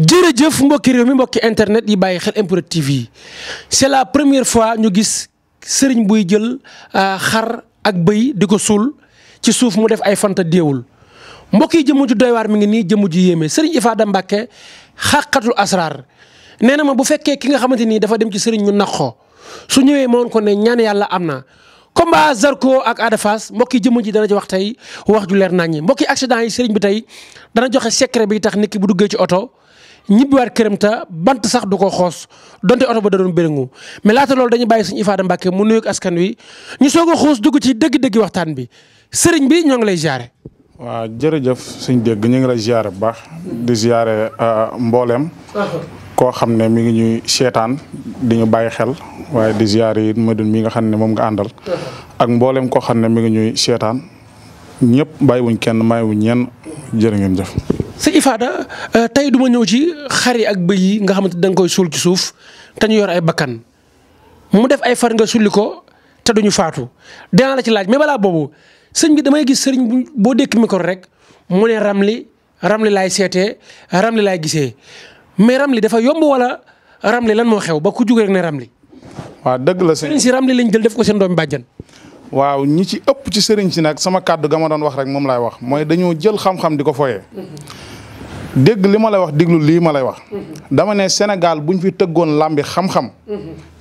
jërëjëf mbokki réew mi mbokki internet yi bàyyi xel MPROD yi c'est la première fois ñu gis sëriñ buy jël euh, xar ak bëy di ko suul ci suuf mu def ay fanta déewul mbokk yi jëmm ju doy waar mi ngi nii jëmm ju yéeme sëriñ Ifaada Mbàkke xàqatul asraar nee na ma bu fekkee ki nga xamante nii dafa dem ci sëriñ ñu nax ko su ñëwee moon ko ne ñaan yàlla am na combat Zarko ak Ada Fass mbokk yi jëmm ji dana ci wax tey wax ju leer nañ ñi mbokk yi accident yi sëriñ bi tey dana joxe secret bi tax nit ki bu duggee ci oto ñibbiwaat këram ta bant sax du ko xoos donte oto ba da doon béréngu mais laata loolu dañu bàyyi suñu Ifaada Mbàkke mu nuyoog askan wi ñu soog xoos xuus ci dëgg-dëgg waxtaan bi sëriñ bi ñoo ngi lay jaare waaw jërëjëf suñ dégg ñu ngi lay ziare bu baax di ziare euh, mbooleem koo xam ne mi ngi ñuy seetaan di ñu bàyyi xel waaye di ziare it madun mi nga xam ne moom nga àndal ak mbooleem koo xam ne mi ngi ñuy seetaan ñëpp bàyyiwuñ kenn mayiwuñ ñenn jërë ngeen jëf sëñ Ifada euh, tey duma ñëw ci xar yi ak bëy yi nga xamante da danga koy suul ci suuf te yor ay bakkan mu def ay far nga sulli ko te duñu faatu dinaa la ci laaj mais balaa boobu sëñ bi damay gis sëriñ boo dékk micro rek mu ne ramli ramli laay seetee ramli laay gisee mais ramli dafa yomb wala ramli lan moo xew ba ku jóge rek ne ramli. dëgg la sëñ si ramli lañ jël def ko seen doomi bàjjan. waaw ñi ci ëpp ci sëriñ si nag sama kàddu ga ma doon wax rek moom laay wax mooy dañoo jël xam-xam di ko foyee. Mm-hmm. dégg li ma lay wax déglu lii ma lay wax. dama ne Sénégal buñ fi tëggoon làmbi xam-xam.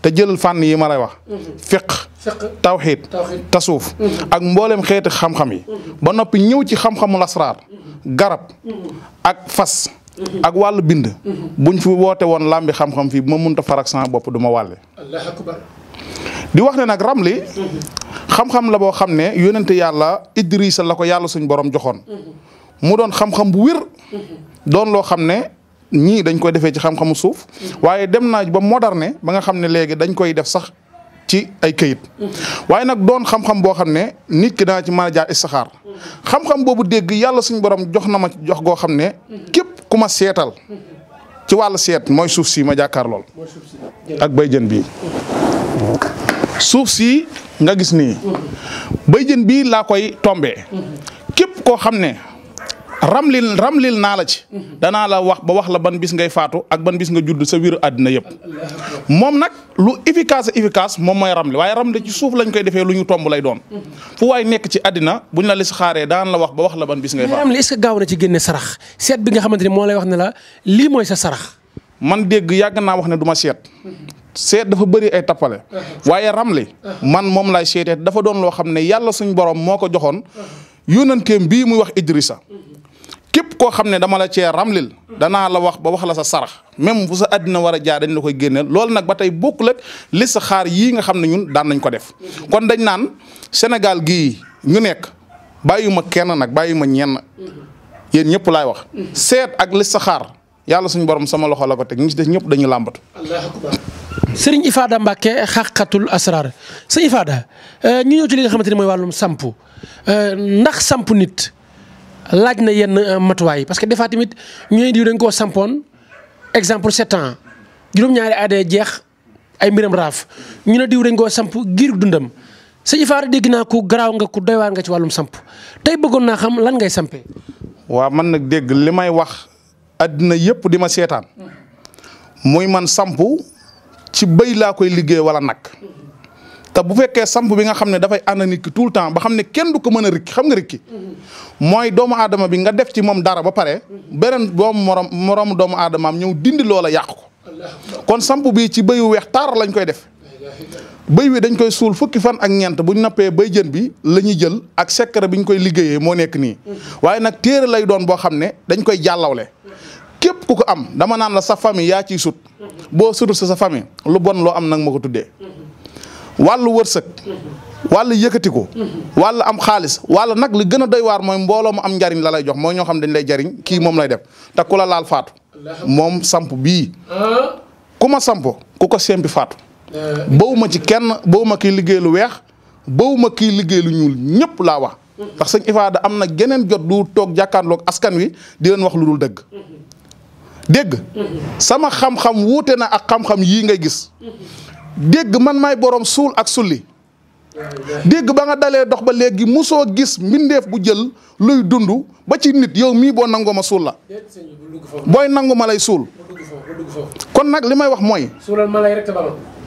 te jël fànn yi ma lay wax. fiq tawxiid suuf mm-hmm. ak mboolem xeeti xam-xam yi. Mm-hmm. ba noppi ñëw ci xam-xamu lasraar. Mm-hmm. garab ak fas. ak wàllu bind. buñ fi woote woon làmbi xam-xam fii bu ma mënta farak sama bopp du ma wàlle. di wax ne nag ramli. xam-xam la boo xam ne yónnente yàlla Idrissa la ko yàlla suñ borom joxoon. mu doon xam-xam bu wér doon loo xam ne ñii dañ koy defee ci xam-xamu suuf waaye dem naaj ba moderne ba nga xam ne léegi dañ koy def sax ci ay kayit waaye nag doon xam-xam boo xam ne nit ki dana ci mën a jaar xam-xam boobu dégg yàlla suñu borom jox na ma jox goo xam ne képp ku seetal ci wàllu seet mooy suuf si ma jàkkaar lool ak bay jën bii suuf si nga gis nii bay jën bii laa koy tombee képp koo xam ne ramlil ramlil naa la ci. danaa la wax ba wax la ban bis ngay faatu ak ban bis nga judd sa wiru àddina yëpp. moom nag lu efficace efficace moom mooy ramli waaye ramli ci suuf lañ koy defee lu ñu tomb lay doon. waay nekk ci àddina buñ la listixaaree daan la wax ba wax la ban bis ngay faatu. ramli est-ce que gaaw na ci génne sarax seet bi nga xamante moo lay wax ne la lii mooy sa sarax. man dégg yàgg naa wax ne duma seet. seet dafa bëri ay tappale. waaye ramli. man moom laay seetee dafa doon loo xam ne yàlla suñu borom moo ko joxoon. yónnanteem bii muy wax Idrissa képp koo xam ne dama la cee ramlil danaa la wax ba wax la sa sarax même bu sa àddina war a jaar dañ la koy génneel loolu nag ba tey bokkul ak li sa xaar yii nga xam ne ñun daan nañ ko def. kon dañ naan Sénégal gii ñu nekk bàyyuma kenn nag bàyyuma ñenn yéen ñëpp laay wax. seet ak li sa xaar yàlla suñu borom sama loxo la ko teg ñu ci des ñëpp dañu làmbatu. sëriñ Ifada Mbacke xaqatul asrar sëriñ Ifada euh, ñu ñëw ci li nga xamante ne mooy wàllum sampu euh, ndax sampu nit. laaj na yenn euh, matuwaay parce que des fois tamit ñooy diw dañ koo sampoon exemple sept ans juróom-ñaari aadee jeex ay mbiram raaf ñu ne diw dañ koo samp giir dundam sëñ Faara dégg naa ko garaaw nga ku doy waar nga ci wàllum samp tey bëggoon naa xam lan ngay sampee. waaw man nag dégg li may wax addina yëpp di ma seetaan muy man samp ci bëy laa koy liggéey wala nag. te bu fekkee samp bi nga xam ne dafay ànd nit ki tout le temps ba xam ne kenn du ko mën a rikki xam nga rikki mm-hmm. mooy doomu aadama bi nga def ci moom dara ba pare mm-hmm. beneen doomu moroom morom doomu am ñëw dindi loola yàq ko kon samp bi ci béyu weex taar lañ koy def béy wi dañ koy suul fukki fan ak ñeent buñ noppee béy jën bi la ñuy jël ak secret bi ñu koy liggéeyee moo nekk nii mm-hmm. waaye nag téere lay doon boo xam ne dañ koy jàllawle képp ku ko am dama naan la sa famille yaa ciy sut boo sutul sa sa famille lu bon am nag ma ko tuddee wàllu wërsëg wàllu yëkkati ko wàllu am xaalis wàllu nag li gën a doy waar mooy mbooloo mu am njariñ la lay jox mooy ñoo xam dañ lay jariñ kii moom lay def te ku la laal faatu moom samp bii ku ma samp ku ko sempi faatu bawuma ci kenn bawuma kii liggéey lu weex bawuma kii liggéey lu ñuul ñëpp laa wax ndax sëñ Ifaada am na geneen jot du toog jàkkaarloog askan wi di leen wax lu dul dëgg dégg sama xam-xam wuute na ak xam-xam yii ngay gis dégg man maay borom suul ak sulli dégg ba nga dalee dox ba léegi musoo gis mbindeef bu jël luy dund ba ci nit yow mii boo nangoo ma suul la booy nangu ma lay suul kon nag li may wax mooy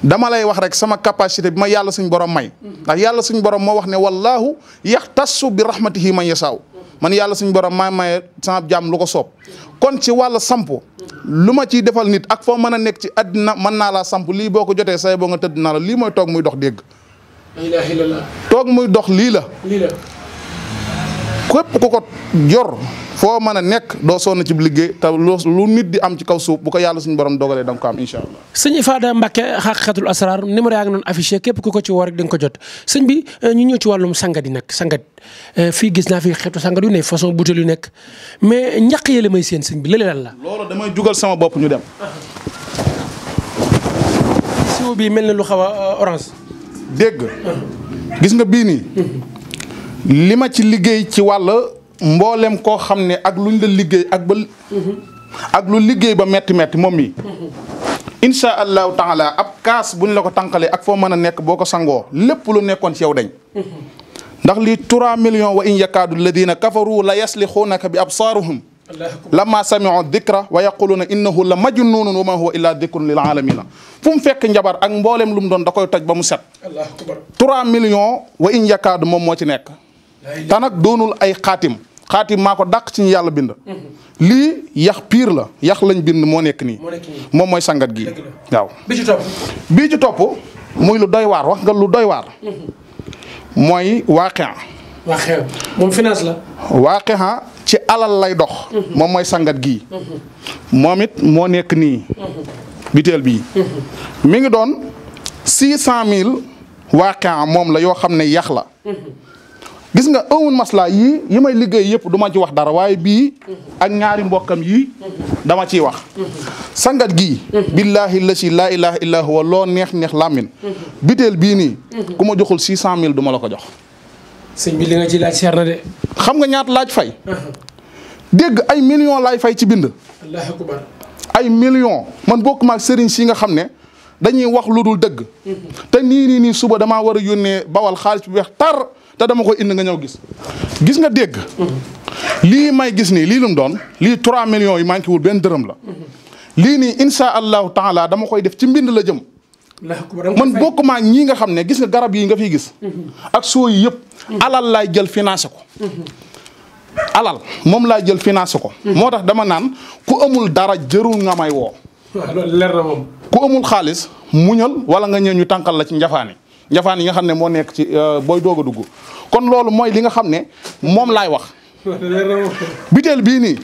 dama lay wax rek sama capacité bi ma yàlla suñ borom may ndax yàlla suñ borom moo wax ne wallaahu yaxtassu bi rahmatihi man yasaaw man yàlla suñ borom maa maye sama jàmm lu ko soob kon ci wàll sampo lu ma ciy defal nit ak foo mën a nekk ci àddina mën naa laa samp lii boo ko jotee say boo nga tëdd naa la lii mooy toog muy dox dégg. toog muy dox lii lii la képp ku ko jor foo mën a nekk doo sonn ci liggéey lu nit di am ci kaw suuf bu ko yàlla suñu borom dogalee da nga ko am incha allah. sëñ Ifada Mbacke xaqiqatul asrar numéro yaa ngi noonu affiché képp ku ko ci woo rek di ko jot sëñ bi euh, ñu ñëw ci wàllum sangat yi nag sangat euh, fii gis naa fi xeetu ne façon butéel yu nekk mais ñaq bi lële lan la. loolu damay jugal sama bopp ñu dem. siwo bi mel na lu xaw a euh, orange. dégg gis nga bii li ma ci liggéey ci wàll mboolem koo xam ne ak luñ la liggéey ak ba. ak lu liggéey ba metti metti moom mi incha allahu taala ab kaas bu ñu la ko tànqalee ak foo mën a nekk boo ko sangoo lépp lu nekkoon ci yow dañ. ndax lii 3 millions wa in yakaadu alladina kafaru la li yaslixuunaka bi ab absaarihim lamma samiu dikra wa yaquluuna innahu la majnuunun wa ma huwa illaa dikrun lil aalamiina fu mu fekk njabar ak mbooleem lu mu doon da koy toj ba mu set. 3 millions wa in yakaadu moom moo ci nekk. te nag doonul ay xaatim xaatim maa ko dàq ci yàlla bind mhm. lii yax piir la yax lañ bind moo nekk nii moom mooy sangat gi waaw bi ci topp bii muy lu doy waar wax lu doy waar mhm. mooy waaqia waaqia moom finance la waaqia ci alal lay dox mhm. moom mooy sangat gi moomit moo nekk nii biteel bii mi ngi doon six cent mille waaqia moom la yoo xam ne yax la gis nga amul maslaa yii yi may liggéey yëpp duma ci wax dara waaye bii ak ñaari mbokkam yii dama ciy wax sangat gii billaahi la si laa ilaha illa huwa loo neex neex làmmin biteel bii nii ku ma joxul six cent mille duma ma la ko jox sëñ bi li nga ci laaj seer na de xam nga ñaat laaj fay dégg ay million laay fay ci bind ay million man bokk maag sëriñ si nga xam ne dañuy wax lu dul dëgg mhm. te nii nii suba dama war a yónnee bawal xaalis bi weex tar te dama ko indi nga ñëw gis gis nga dégg lii may gis nii lii lu doon lii trois millions yi manqué wul benn dërëm la lii nii insha allahu taala dama koy def ci mbind la jëm man bokkuma ak nga xam ne gis nga garab yi nga fiy gis mhm. ak soo yi laay jël financé ko mhm. moom laay jël financé ko mhm. moo tax dama naan ku amul dara jërul nga may xaalis muñal wala nga ñëw ñu tànkal la ci njafaani njafaan yi nga xam ne moo nekk ci euh, booy doog a kon loolu mooy li nga xam ne moom laay wax biteel bii nii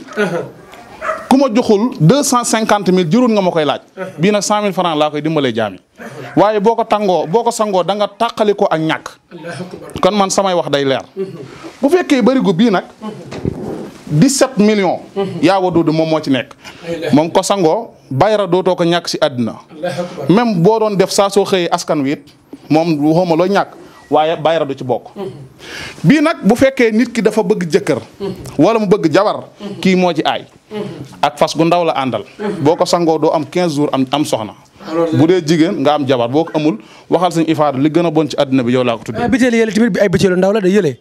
ku ma joxul deux cent cinquante mille jërul nga ma koy laaj bii nag cent mille franc laa koy dimbale jaami waaye boo ko tàngoo boo ko sangoo danga nga tàqali ko ak ñàkk kon man samay wax day leer bu fekkee barigo bii nag 17 million yaa waduudu moom moo ci nekk moom ko sangoo bayra dootoo ko ñàkk si àddina même boo doon def saa soo xëyee askan wi it moom waxuma loo ñàkk waaye bayra du ci bokk. bii nag bu fekkee nit ki dafa bëgg jëkkër. wala mu bëgg jabar. kii moo ci aay. ak fas gu ndaw la àndal. boo ko sangoo doo am 15 jours am am soxna. bu dee jigéen nga am jabar boo ko amul waxal suñu ifaada li gën a bon ci àddina bi yow laa ko tuddee. Ah, bitéel yële tamit ay bitéelu ndaw la day yële.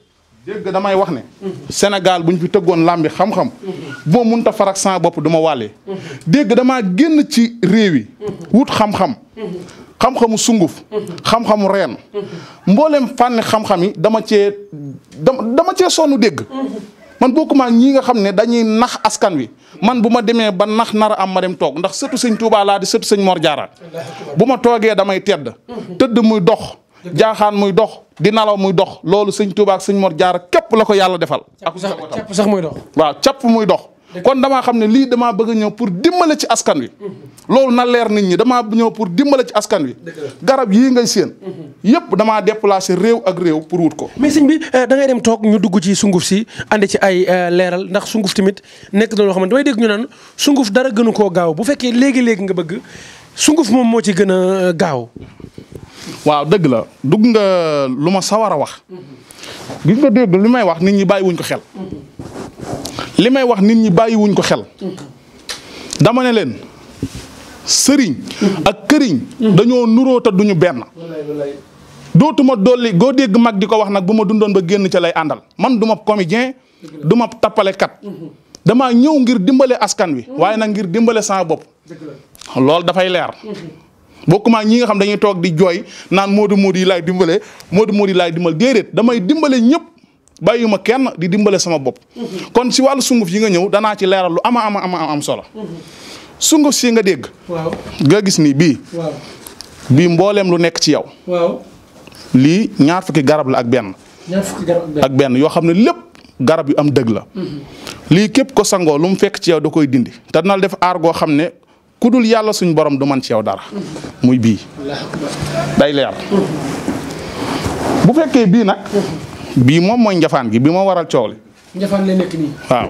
dégg damay wax ne. Sénégal bu ñu fi tëggoon làmbi xam-xam. bu ma mënta farak sans bopp du ma wàllee. Mhm. dégg damaa génn ci réew yi. wut xam-xam. xam-xamu sunguf. xam-xamu reen. mboolem fànn xam-xam yi dama cee dama cee sonn dégg. man bokkuma ak ñii nga xam ne dañuy nax askan wi man bu ma demee ba nax nar a am ma dem toog ndax sëtu sëñ Touba laa di sëtu sëñ Mor Diarra bu ma toogee damay tedd. tëdd muy dox. jaaxaan muy dox di nalaw muy dox loolu sëñ Touba ak sëñ Mor Diarra képp la ko yàlla defal. ak sax muy dox waaw capp muy dox. kon damaa xam ne lii damaa bëgg ñëw pour dimbale ci askan wi loolu na leer nit ñi damaa ñëw pour dimbale ci askan wi garab yii nga séen yëpp damaa déplacé réew ak réew pour wut ko mais sëñ bi euh, da dem toog ñu dugg ci sunguf si andi ci ay euh, leeral ndax sunguf tamit nekk na loo xam ne damay dégg ñu naan sunguf dara gënu koo gaaw bu fekkee léegi-léegi nga bëgg sunguf moom moo ci gën a euh, gaaw waaw dëgg la dugg nga lu ma sawar a wax gis nga dégg li may wax nit ñi bàyyi wuñ ko xel li may wax nit ñi bàyyi wuñ ko xel. dama ne leen sëriñ. ak këriñ. dañoo nuroota duñu benn. dootuma dolli goo dégg mag di ko wax nag bu ma dundoon ba génn ca lay àndal man du ma comédien du ma kat damaa ñëw ngir dimbale askan wi waaye nag ngir dimbale sama bopp loolu dafay leer bokkuma ñi nga xam dañuy toog di jooy naan moodu moodu yi laay dimbale moodu moodu déedéet damay dimbale ñëpp bàyyiwuma kenn di dimbale sama bopp. Mhm. kon si wàllu sunguf yi nga ñëw dana ci leeral lu ama ama ama am solo. Mhm. sunguf si nga dégg. nga gis ni bii. bii mbooleem lu nekk ci yow. lii ñaar fukki garab la ak benn. ñaar ak benn yoo xam ne lépp garab yu am dëgg la. Mhm. lii képp ko sangoo lu mu fekk ci yaw da koy dindi te dina la def aar goo xam ne ku dul yàlla suñu boroom du man ci yow dara. muy bii. day leer. bu fekkee bii nag. bii moom mooy njafaan gi bi moo waral coow li. la nekk nii. waaw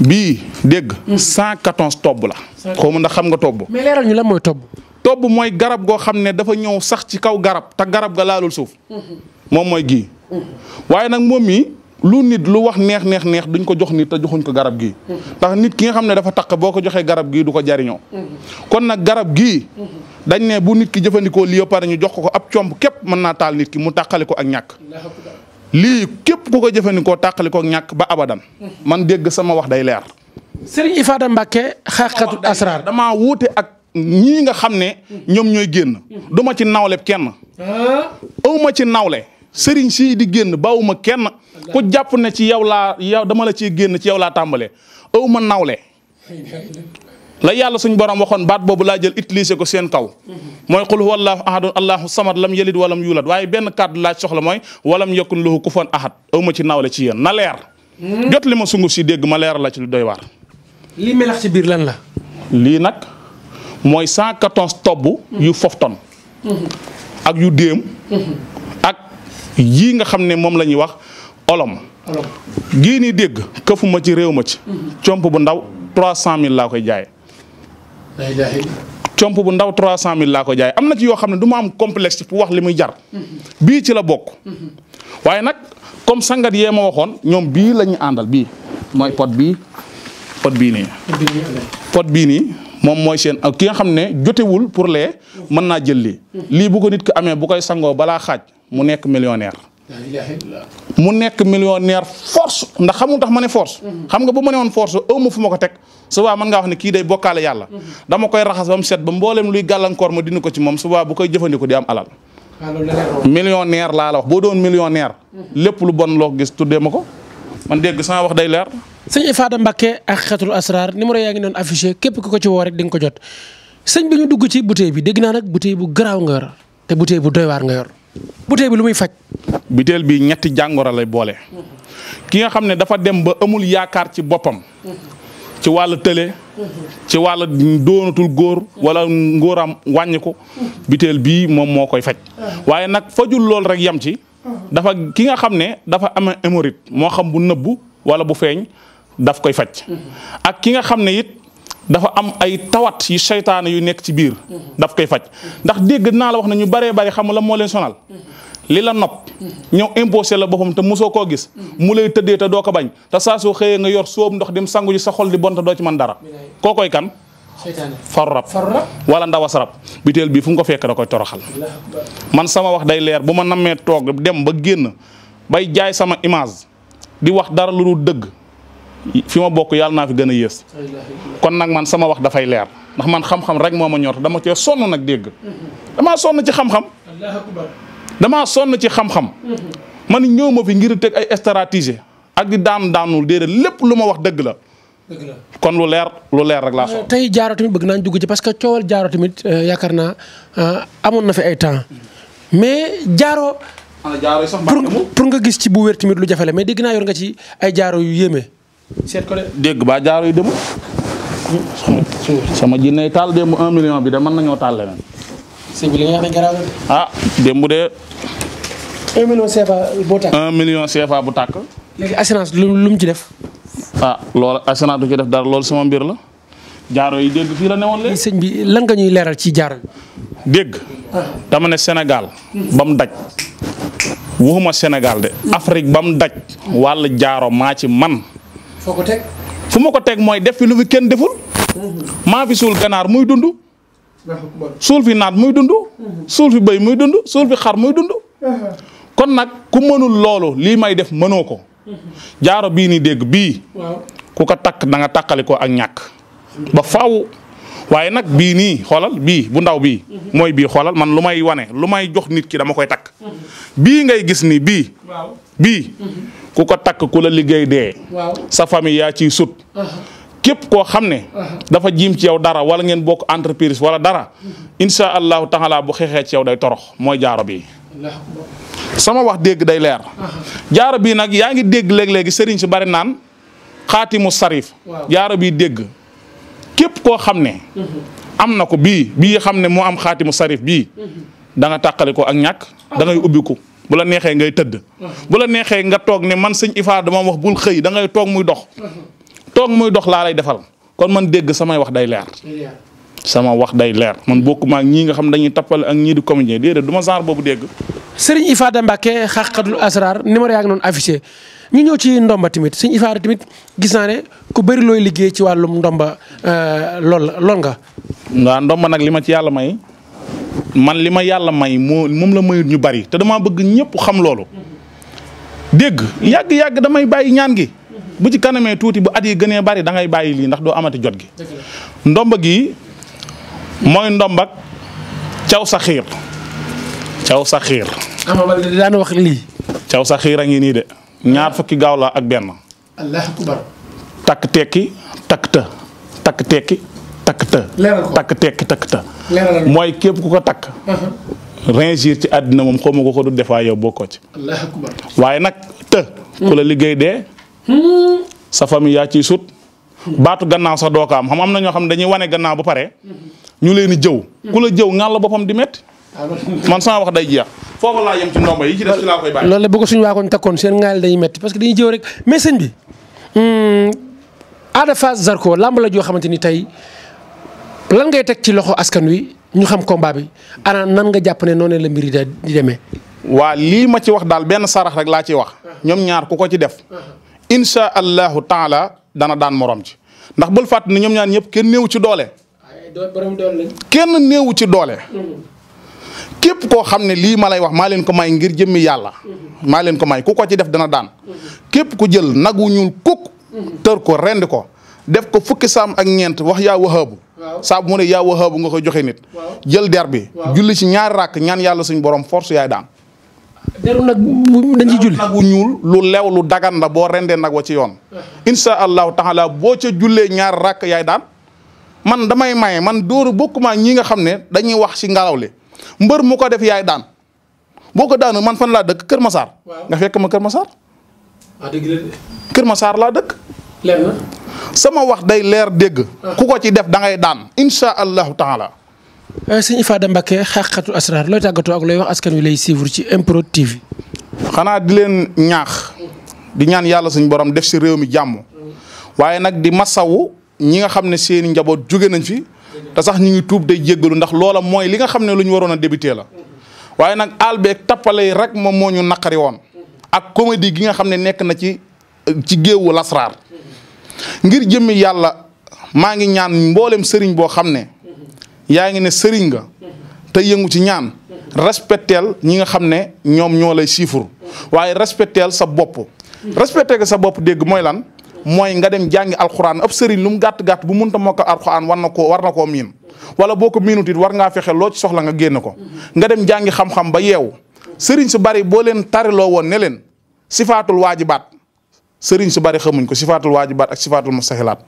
bii dégg. 114 mm. tobb la. xaw ma ndax xam nga tobb. mais leeral ñu lan mooy tobb. tobb mooy garab goo xam ne dafa ñëw sax ci kaw garab te garab ga laalul suuf. Mm-hmm. moom mooy gi mm-hmm. waaye nag moom mii lu nit lu wax neex neex neex duñ ko jox nit te joxuñ ko garab gi mm-hmm. ndax nit ki nga xam ne dafa taq boo ko joxee garab gi du ko jariñoo. kon nag garab gi dañ ne bu nit ki jëfandikoo lii ba pare ñu jox ko ko ab comb képp mën naa taal nit ki mu tàqale ko ak ñàkk. lii képp ku ko jëfandikoo tàqali ko ñàkk ba abadan man dégg sama wax day leer. Serigne Ifada Mbacke xaqatul asrar damaa wuute ak ñii nga xam ne. ñoom ñooy génn. du ci nawle kenn. Ah. aw ma ci nawle. Serigne sii di génn bawuma kenn. ku jàpp ne ci yow laa yow dama la ciy génn ci yow laa tàmbalee aw ma nawle. la yàlla suñ borom waxoon baat boobu laa jël utiliser ko seen kaw mooy qul huwa allahu ahadun allahu samad lam yalid walam yulad waaye benn kàddu laaj soxla mooy walam yokku lahu kufuwan ahad awma ci nawle ci yéen na leer hmm. jot li ma sunguf si dégg ma leer la ci lu doy waar lii biir lan la lii nag mooy cent quatorze tobb yu fofton hmm. ak yu déem hmm. ak yii nga xam ne moom la ñuy wax olom gii dégg këfuma ci réew ma ci comp bu ndaw trois cent mille laa koy jaaye comp bu ndaw 300000 laa ko jaay am na ci yoo xam ne du ma am complexe pour wax li muy jar. bii ci la bokk. waaye nag comme sangat yee ma waxoon ñoom bii la ñu àndal bii mooy pot bii pot bii nii. bii nii. moom mooy seen ki nga xam ne jotewul pour lee mën naa jël lii. lii bu ko nit amee bu koy sangoo balaa xaaj mu nekk millionnaire. mu nekk millionnaire force ndax xamul tax ma ne force. xam nga bu ma ne woon force ëw ma fu ma ko teg subaa mën nga wax ne kii day bokkaale yàlla. dama koy raxas ba mu set ba mbooleem luy gàllankoor ma dindi ko ci moom subaa bu koy jëfandikoo di am alal. Ah, millionnaire laa la wax boo doon millionnaire. lépp lu bon loo gis tuddee ma ko. man dégg sama wax day leer. sëñ Ifada Mbakke ak xetul asrar numéro yaa ngi noonu affiché képp ki ko ci woo rek di nga ko jot sëñ dugg ci bouteille bi dégg naa nag bouteille bu garaaw nga yor te bouteille bu waar nga yor butéel bi lu muy faj. butéel bi ñetti jàngoro lay boole. ki nga xam ne dafa dem ba amul yaakaar ci boppam. ci wàll tële. ci wàll doonatul góor. wala ngóoram wàññi ko. butéel bii moom moo koy faj. waaye nag fajul lool rek yam ci. dafa ki nga xam ne dafa am hémorroïde moo xam bu nëbbu wala bu feeñ daf koy faj. ak ki nga xam ne it dafa am ay tawat yu seytaane yu nekk ci biir daf koy faj ndax dégg naa la wax na ñu baree bari xamul la moo leen sonal li la nopp ñëw imposé la boppam te soo koo gis mu lay tëddee te doo ko bañ te saa soo xëyee nga yor soob ndox dem sangu ji sa xol di bon doo ci man dara koo koy kan faru rab wala ndawas rab biteel bii fu ko fekk da koy toroxal man sama wax day leer bu ma nammee toog dem ba génn bay jaay sama image di wax dara lu dul dëgg fi ma bokk yàlla naa fi gën a yées kon nag man sama wax dafay leer ndax man xam-xam rek moo ma ñor dama cee sonn nag dégg damaa sonn ci xam-xam damaa sonn ci xam-xam mhm. man ñëw ma fi ngir teg ay stratégie ak di daanu daanul déedéet lépp lu ma wax dëgg la kon lu leer lu leer rek laa euh, tey jaaro tamit bëgg naañ dugg ci parce que coowal jaaro tamit euh, yaakaar naa euh, amoon na fi ay temps mais jaaro pour nga gis ci bu wér tamit lu jafe la mais dégg naa yor nga ci ay jaaro yu yéeme dégg baa jaaro yi demul sama jinnay taal démb un million bi de man nañoo taal leneen sëñ ah, démb de un million CFA bu tàkk un million ci def ah loolu assurance du ci def dara loolu sama mbir la jaaro yi dégg fii la newoon léegi sëñ bi lan nga ñuy leeral ci jaaro yi dégg ah. dama ne Sénégal ba daj waxuma Sénégal de Afrique ba daj wàll jaaro maa ci man foo ko teg fu ma ko teg mooy def fi lu fi kenn deful. Mm-hmm. maa fi suul ganaar muy dund. suul fi naat muy dund. suul fi bëy muy dund suul fi xar muy dund. Mm-hmm. kon nag ku mënul loolu lii may def mënoo ko. Mm-hmm. jaaro bii ni dégg bii. ku ko takk da nga takkali ko ak ñàkk. ba faaw. waaye nag bii nii xoolal bii bu ndaw bii mooy bii xoolal man lu may wane lu may jox nit ki dama koy takk bii ngay gis ni bii bii ku ko takk ku la liggéey dee sa famille yaa ciy sut képp koo xam ne dafa jiim ci yow dara wala ngeen bokk entreprise wala dara insha allahu taxalaa bu xeexee ci yow day torox mooy jaaro bii sama wax dégg day leer jaaro bii nag yaa ngi dégg léeg-léegi sëriñ si bari naan xaati mu sarif jaaro bii dégg képp koo xam ne. Mhm. am na ko bii bii xam ne moo am xaatimu sarif bii. Mhm. danga nga ko ak ñàkk da ngay ubbiku bu la neexee ngay tëdd. Mhm. bu la neexee nga toog ne man sëñ Ifa dama wax bul xëy da ngay toog muy dox. toog muy dox laa lay defal kon man dégg samay wax day leer. sama wax day leer man bokkuma maa ñii nga xam dañuy tappale ak ñii di comédien déedéet du ma genre boobu dégg. Serigne Ifada Mbacke xaqatul asrar numéro yaa ngi noonu affiché. ñu ñëw ci ndomba tamit suñu ifaara tamit gis naa ne ku bari looy liggéey ci wàllum ndomba euh, lool nga. waaw ndomba nag li ma ci yàlla may man li ma yàlla may moo moom la mayut ñu bari te dama bëgg ñëpp xam loolu. dégg yàgg yàgg damay bàyyi ñaan gi. bu ci kanamee tuuti bu at yi gënee bari dangay bàyyi lii ndax doo amati jot gi. ndomba gi mooy ndombak caw sa xiir caw sa xiir. daan wax lii. caw sa xiir a ngi nii de. ñaar fukki gaaw la ak benn. takk tekki takk të takk tekki takk të. takk tekki takk mooy képp ku ko takk. Uh-huh. ringir ci àddina moom xaw ma ko ko defaa yow bokkoo ci. waaye nag të. ku la liggéey dee. Hmm. sa famille ciy sut. baatu gannaaw sax doo ko am xam am na ñoo xam dañuy wane gannaaw ba pare. ñu leen di jëw. ku la jëw ngal la boppam di métti. man sama wax day jeex. foofu laa yem ci ndomba yi ci des ci laa koy bàyyi. loolu la bu ko takkoon seen ngaal dañuy métti parce que dañuy jëw rek mais sëñ bi. Hmm, Ada Fass Zarko làmb la joo xamante ni tey lan ngay teg ci loxo askan wi ñu xam combat bi ana nan nga jàpp ne noonu la mbir yi di demee. waa lii ma ci wax daal benn sarax rek laa ciy wax. ñoom ñaar ku ko ci def. incha allahu taala dana daan morom ci ndax bul fàtt ni ñoom ñaar ñëpp kenn néew ci doole. kenn néewu ci doole. Mm-hmm. képp koo xam ne lii ma lay wax maa leen ko may ngir jëmmi yàlla maa leen ko may ku ko ci def dana daan képp ku jël nag wu ñuul kuk tër ko rend ko def ko fukki sam ak ñeent wax yaa wahaabu saabu mu ne yaa wahaabu nga koy joxe nit jël der bi julli ci ñaari ràkk ñaan yàlla suñ borom force yaay daan deru nag julli nag wu ñuul lu lew lu dagan la boo rendee nag wa ci yoon uh-huh. insha allahu taala boo ca jullee ñaari ràkk yaay daan man damay maye man dóoru bokkuma ñi nga xam ne dañuy wax ci ngalaw li mbër mu ko def yaay daan boo ko daanoo man fan laa dëkk Kër Massar. nga fekk ma Kër Massar. ah dëgg la Kër dëkk. sama wax day leer dégg. Ah. ku ko ci def da ngay daan insha allahu taala. Eh, sëñ Ifada Mbacké xaqatu asrar looy tàggatoo ak looy wax askan wi lay suivre ci MPROD TV. xanaa di leen ñaax. di ñaan yàlla suñu borom def si réew mi jàmm. Mm. waaye nag di masawu ñi nga xam ne seen njaboot jóge nañ fi. te sax ñu ngi tuub day jéggalu ndax loola mooy li nga xam ne lu ñu waroon a débuté la waaye nag àll beeg tappale rek moom moo ñu naqari woon ak comédie gi nga xam ne nekk na ci ci géewu lasraar ngir jëmmi yàlla maa ngi ñaan mboolem sëriñ boo xam ne yaa ngi ne sëriñ nga te yëngu ci ñaan respecteel ñi nga xam ne ñoom ñoo lay siifur waaye respecteel sa bopp respecté ko sa bopp dégg mooy lan mooy nga dem jàngi alxuraan ab sëriñ lu mu gàtt gàtt bu munta mokk alxuraan war na koo war na koo miin wala boo ko miinut it war ngaa fexe loo soxla nga génn ko nga dem jàngi xam-xam ba yeewu sëriñ su bari boo leen tariloo woon ne leen sifaatul baat sëriñ su bari xamuñ ko sifaatul waajibaat ak sifaatul mustahilaat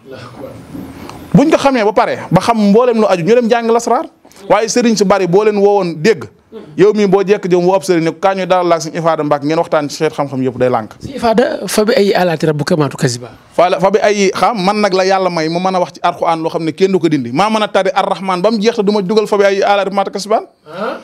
buñ ko xamee ba pare ba xam mboolem lu aju ñu dem jàngi lasraar waaye sëriñ su bari boo leen woowoon dégg yow mii boo jekk jëm woo ab ne kaa ñu daal laak suñu ifaada mbàkk ngeen waxtaan ci xam-xam yëpp day lànk si ifaada fa bi ay alaati rabbu kamaatu kasiba fa fa bi ay xam man nag la yàlla may mu mën a wax ci alxuraan loo xam ne kenn du ko dindi maa mën a tari arrahman ba mu jeex te du dugal fa bi ay alaati rabbu kamaatu kasibaan ah.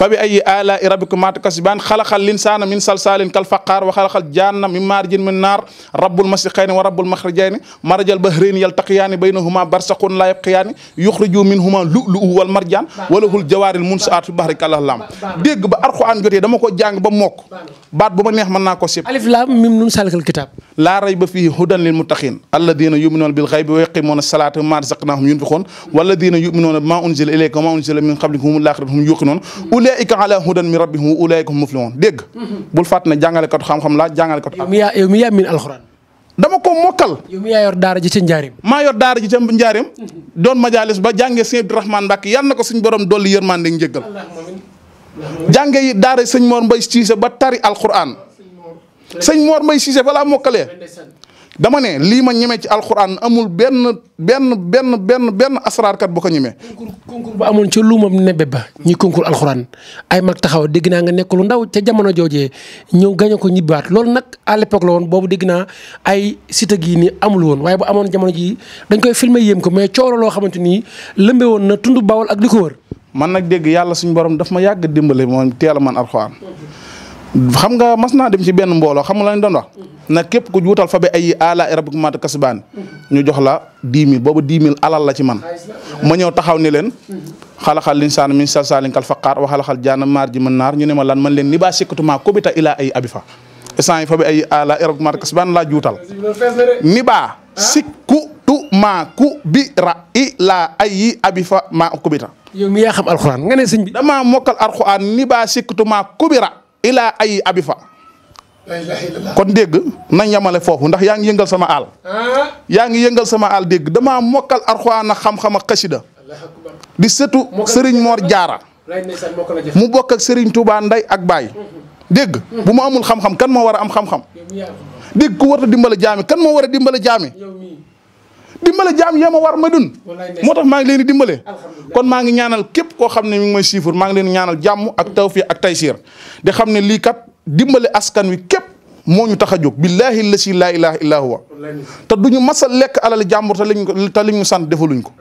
fa bi ayi alaa'i rabbikumaa tukazzibaan xalaqal insaana min salsaalin kal faqaar wa xalaqal jaanna min maarijin min naar rabbul mashriqayni wa rabbul maxrijayni marajal bahrayni yaltaqiyaani baynahumaa barzaxun laa yabqiyaani yuxriju minhumaa lu'lu'u wal marjaan wa lahul jawaaril munsaatu fil bahri kal a'laam dégg ba Alxuraan jotee dama ko jàng ba mokk baat bu ma neex mën naa ko sib. alif laam mim nun salikal kitaab. laa rayba fiihi hudan lil muttaqiin alladiina yu'minuuna bil ghaybi wa yuqiimuuna salaata wa mimmaa razaqnaahum yunfiquun walladiina yu'minuuna bimaa unzila ilayka wa maa unzila min qablika wa humul aaxiratuhum ulaika ala hudan min rabbihim wa ulaika hum muflihun dégg mhm. bul fàtt ne jàngalekat xam-xam laa jàngalekat yow mi yaa min alxuraan dama ko mokkal yow daara ji ca njaarim ma yor daara ji ca njaarim mhm. doon majalis ba jàngee sëñ Abdourahmane Mbàkke yal na ko suñ borom dolli yërmande njëggal jànge yi daara sëñ Mor Mbay Siise ba tari alxuraan sëñ Mor Mbay Siise balaa mokkalee dama ne lii ma ñeme ci alxuraan amul benn benn benn benn benn asraarkat bu ko ñemee. concours concours bu amoon ca luumam nebe ba ñi concours alxuraan ay mag taxaw dégg naa nga nekk lu ndaw ca jamono joojee ñëw gañ ko ñibbaat loolu nag à l'époque la woon boobu dégg naa ay site gii nii amul woon waaye bu amoon jamono ji dañ koy filmer yéem ko mais coow loo xamante ni lëmbe woon na tund bawol ak li ko wër. man nag dégg yàlla suñu borom daf ma yàgg dimbale moom teel a man alxuraan. xam nga mas naa dem ci benn mbooloo xam nga lañ doon wax mm. nag képp ku wutal fa bi ay ala rabbikumaa kasbaan mm. ñu jox la dix mille boobu dix mille alal la ci man ma ñëw taxaw ni leen xala mm-hmm. xalaxal linsaan min salsaalin kal faqaar wa xal jaana maar ji mën naar ñu ne ma lan man leen ni baa sikkatumaa kubita ilaa ay fa essant bi ay ala rabbikumaa kasbaan laa juutal ni baa ah? sikkutumaa ku bi ra i la ay abi fa maa kubita yow mi yaa xam alxuraan nga ne sëñ bi damaa mokkal alxuraan ni baa sikkatumaa ilaa ay abi kon dégg nañ yamale foofu ndax yaa ngi yëngal sama aal ah? yaa ngi yëngal sama aal dégg damaa mokkal arxuwaana xam-xam ak xasida di sëtu Serigne Mor Jaara mu bokk ak Serigne Touba nday ak baay mhm. dégg bu ma amul xam-xam kan moo war a am xam-xam dégg ku war a jaami kan moo war a dimbale jaami dimbale jaam yee ma war ma dun moo tax maa ngi leen di dimbale kon maa ngi ñaanal képp koo xam ne mi ngi may siifur maa ngi ñaanal jàmm ak tawfiq ak taysiir di xam ne lii kat dimbale askan wi képp moo ñu tax a jog billaahi la si laa ilaha illa huwa te du ñu mas a lekk alal jàmbur ta liñ te liñ ñu sant defaluñ ko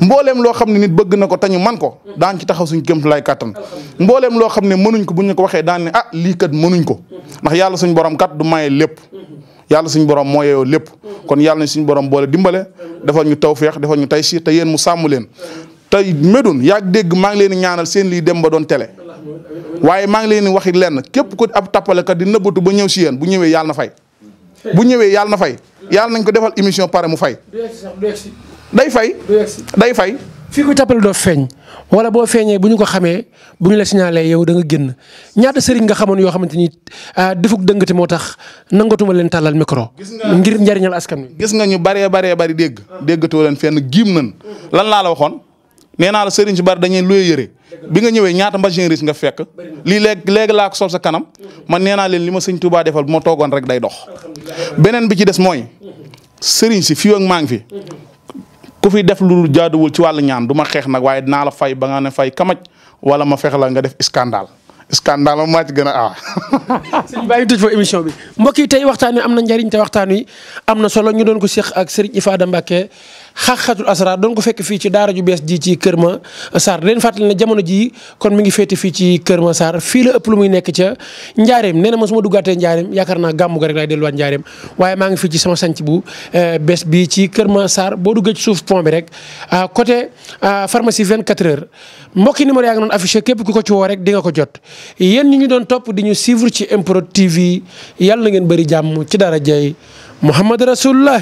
mbooleem loo xam ne nit bëgg na ko te ñu man ko mm. daan ci taxaw suñ kémtu lay kàttan mbooleem loo xam ne mënuñ ko bu ñu ko waxee daan ne ah lii kat mënuñ ko mm. ndax yàlla suñ borom kat du maye lépp mm-hmm. yàlla suñu borom moo yeyoo lépp mm-hmm. kon yàlla nañ suñu borom boole dimbale defal ñu feex defal ñu taysir te yéen mu sàmm leen te Médoune yaa dégg maa ngi leen ñaanal seen lii dem ba doon télé waaye maa ngi leen di waxi lenn képp ko ab tappalekat di nëbbatu ba ñëw si yéen bu ñëwee yàlla na fay bu ñëwee yàlla na fay yàlla nañ ko defal émission pare mu fay day fay day fay fii ko tàppale doo feeñ wala boo feeñee bu ñu ko xamee bu ñu la signalé yow da nga génn ñaata sëriñ nga xamoon yoo xamante ni ah, defuk dëngate moo tax nangatuma leen tàllal micro. ngir njariñal askan wi. gis nga ñu baree baree bari dégg. déggatoo leen fenn giim nañ. lan laa la waxoon nee naa la sëriñ si bari dañuy luy yëre bi nga ñëwee ñaata mbagin risque nga fekk. lii léegi léegi laa ko sol sa kanam. man nee naa leen li ma sëñ Touba defal bu ma toogoon rek day dox. beneen bi ci des mooy sëriñ si fii ak maa ngi fi ku fi def lu jaaduwul ci wàllu ñaan du ma xeex na waaye dinaa la fay ba nga ne fay kamaj wala ma fexe la nga def scandale scandale moom maa ci gën a ah. sëñ bàyyi tëj émission bi mbokk yi tey waxtaan wi am na njariñ te waxtaan wi am na solo ñu doon ko séq ak Serigne Ifada Mbacké xaqatul asrar doon ko fekk fii ci daara ju bees ji ci Kër Masar leen fàttali ne jamono jii kon mu ngi féete fii ci Kër saar fii la ëpp lu muy nekk ca Njaareem nee na ma su ma duggaatee Njaareem yaakaar naa gàmmu ga rek laay delluwaat Njaareem waaye maa ngi fii ci sama sanc bu eh, bees bi ci Kër Masar boo duggee ci suuf pont bi rek ah, côté ah, pharmacie 24 heures mbokki numéro yaa ngi doon affiché képp ku ko ci woo rek di nga ko jot yéen ñi ñu doon topp di ñu suivre ci MPROD TV yàlla na ngeen bëri jàmm ci dara jay Muhammad